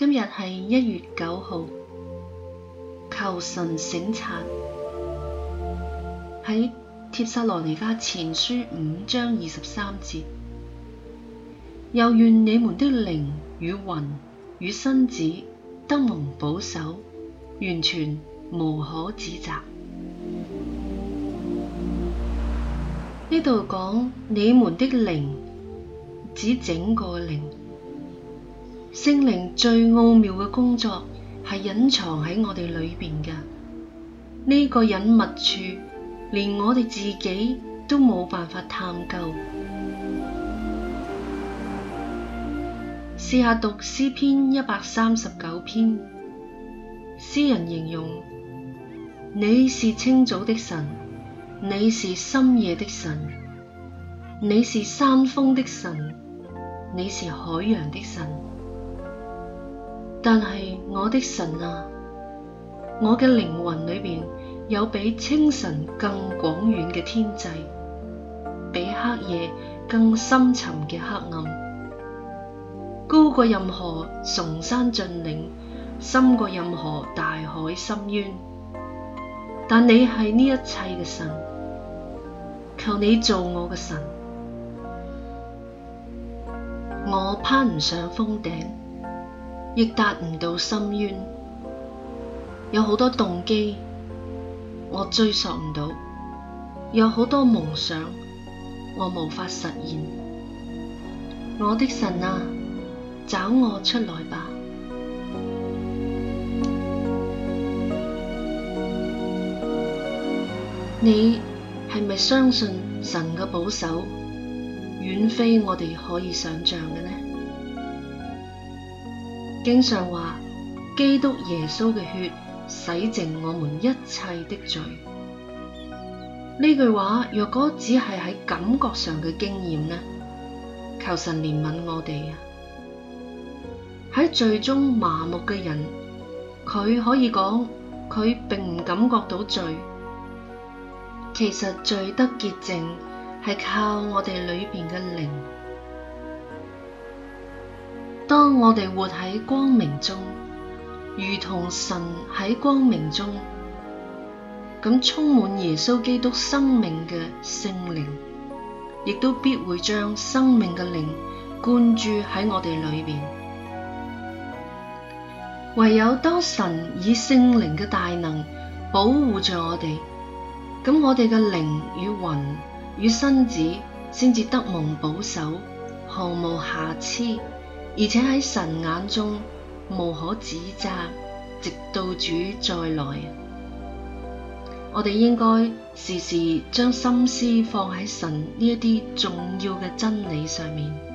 今日係一月九號，求神醒察喺帖撒羅尼迦前書五章二十三節，又願你們的靈與魂與身子得蒙保守，完全無可指責。呢度講你們的靈，指整個靈。聖靈最奧妙嘅工作係隱藏喺我哋裏邊嘅，呢、這個隱密處連我哋自己都冇辦法探究。 試下讀詩篇一百三十九篇，詩人形容：你是清早的神，你是深夜的神，你是山峰的神，你是海洋的神。但係我的神啊，我嘅靈魂裏邊有比清晨更廣遠嘅天際，比黑夜更深沉嘅黑暗，高過任何崇山峻嶺，深過任何大海深淵。但你係呢一切嘅神，求你做我嘅神，我攀唔上峰頂，亦達唔到深淵，有好多動機我追索唔到，有好多夢想我無法實現。我的神啊，找我出來吧！你係咪相信神嘅保守遠非我哋可以想象嘅呢？經常話基督耶穌嘅血洗淨我們一切的罪，呢句話若果只係喺感覺上嘅經驗呢？求神憐憫我哋啊！喺罪中麻木嘅人，佢可以講佢並唔感覺到罪，其實罪得潔淨係靠我哋裏面嘅靈。當我哋活喺光明中，如同神喺光明中，咁充滿耶穌基督生命嘅聖靈，亦都必會將生命嘅靈灌注喺我哋裏面。唯有當神以聖靈嘅大能保護著我哋，咁我哋嘅靈與魂與身子先至得蒙保守，毫無瑕疵。而且喺神眼中無可指責，直到主再來。我哋應該時時將心思放喺神呢一啲重要嘅真理上面。